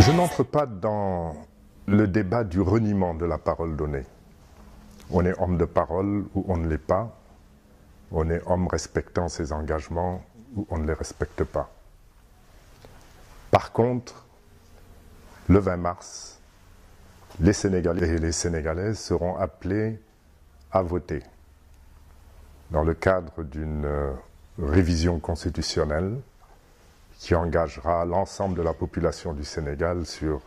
Je n'entre pas dans le débat du reniement de la parole donnée. On est homme de parole ou on ne l'est pas. On est homme respectant ses engagements ou on ne les respecte pas. Par contre, le 20 mars, les Sénégalais et les Sénégalaises seront appelés à voter dans le cadre d'une euh, révision constitutionnelle qui engagera l'ensemble de la population du Sénégal sur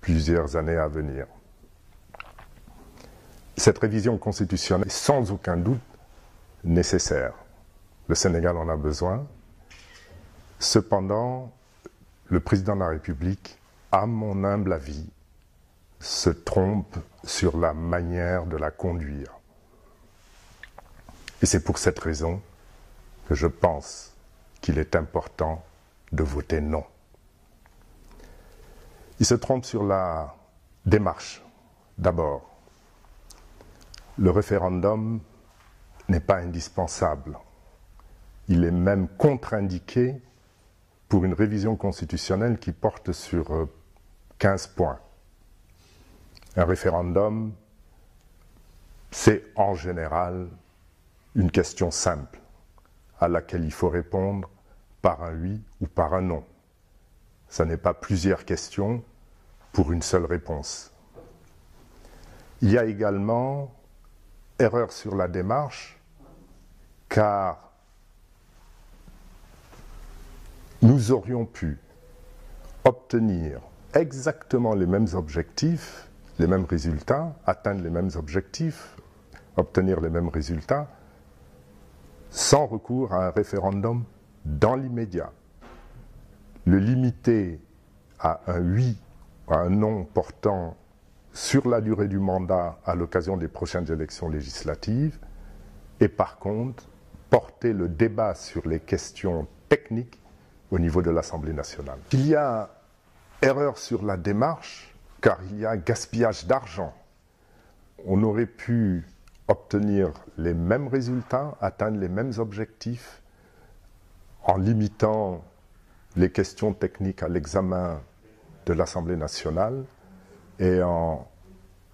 plusieurs années à venir. Cette révision constitutionnelle est sans aucun doute nécessaire. Le Sénégal en a besoin. Cependant, le président de la République, à mon humble avis, se trompe sur la manière de la conduire. Et c'est pour cette raison que je pense qu'il est important de voter non. Il se trompe sur la démarche. D'abord, le référendum n'est pas indispensable. Il est même contre-indiqué pour une révision constitutionnelle qui porte sur 15 euh, points. Un référendum, c'est en général une question simple à laquelle il faut répondre par un oui ou par un non. Ce n'est pas plusieurs questions pour une seule réponse. Il y a également erreur sur la démarche, car nous aurions pu obtenir exactement les mêmes objectifs les mêmes résultats, atteindre les mêmes objectifs, obtenir les mêmes résultats, sans recours à un référendum dans l'immédiat. Le limiter à un oui, à un non portant sur la durée du mandat à l'occasion des prochaines élections législatives, et par contre porter le débat sur les questions techniques au niveau de l'Assemblée nationale. Il y a erreur sur la démarche car il y a un gaspillage d'argent. On aurait pu obtenir les mêmes résultats, atteindre les mêmes objectifs en limitant les questions techniques à l'examen de l'Assemblée nationale et en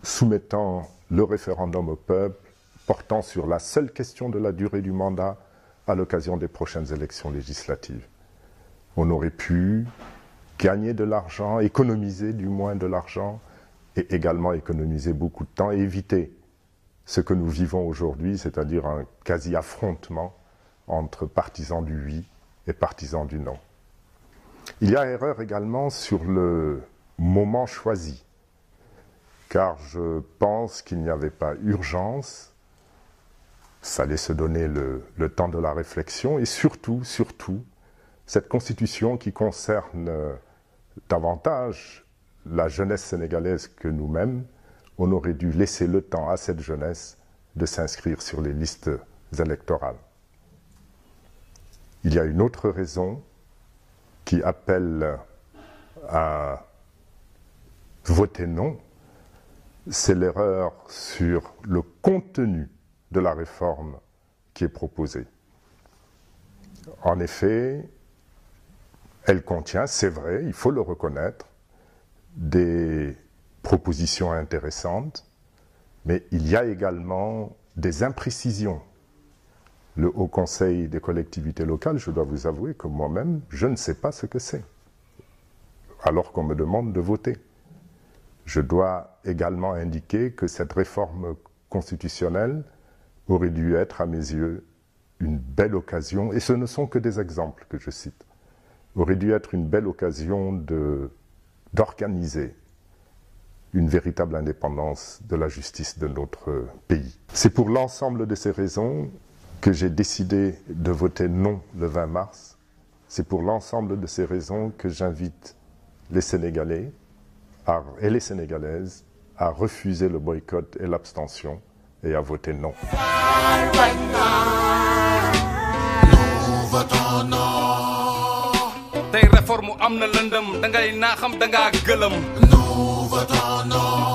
soumettant le référendum au peuple portant sur la seule question de la durée du mandat à l'occasion des prochaines élections législatives. On aurait pu gagner de l'argent, économiser du moins de l'argent, et également économiser beaucoup de temps et éviter ce que nous vivons aujourd'hui, c'est-à-dire un quasi-affrontement entre partisans du oui et partisans du non. Il y a erreur également sur le moment choisi, car je pense qu'il n'y avait pas urgence, ça allait se donner le, le temps de la réflexion, et surtout, surtout, cette constitution qui concerne euh, davantage la jeunesse sénégalaise que nous-mêmes, on aurait dû laisser le temps à cette jeunesse de s'inscrire sur les listes électorales. Il y a une autre raison qui appelle à voter non, c'est l'erreur sur le contenu de la réforme qui est proposée. En effet, elle contient, c'est vrai, il faut le reconnaître, des propositions intéressantes, mais il y a également des imprécisions. Le Haut Conseil des collectivités locales, je dois vous avouer que moi-même, je ne sais pas ce que c'est, alors qu'on me demande de voter. Je dois également indiquer que cette réforme constitutionnelle aurait dû être, à mes yeux, une belle occasion, et ce ne sont que des exemples que je cite, aurait dû être une belle occasion d'organiser une véritable indépendance de la justice de notre pays. C'est pour l'ensemble de ces raisons que j'ai décidé de voter non le 20 mars. C'est pour l'ensemble de ces raisons que j'invite les Sénégalais et les Sénégalaises à refuser le boycott et l'abstention et à voter non. forme am na lëndëm dangay naa xam dangaa gëlëm. nous votons non.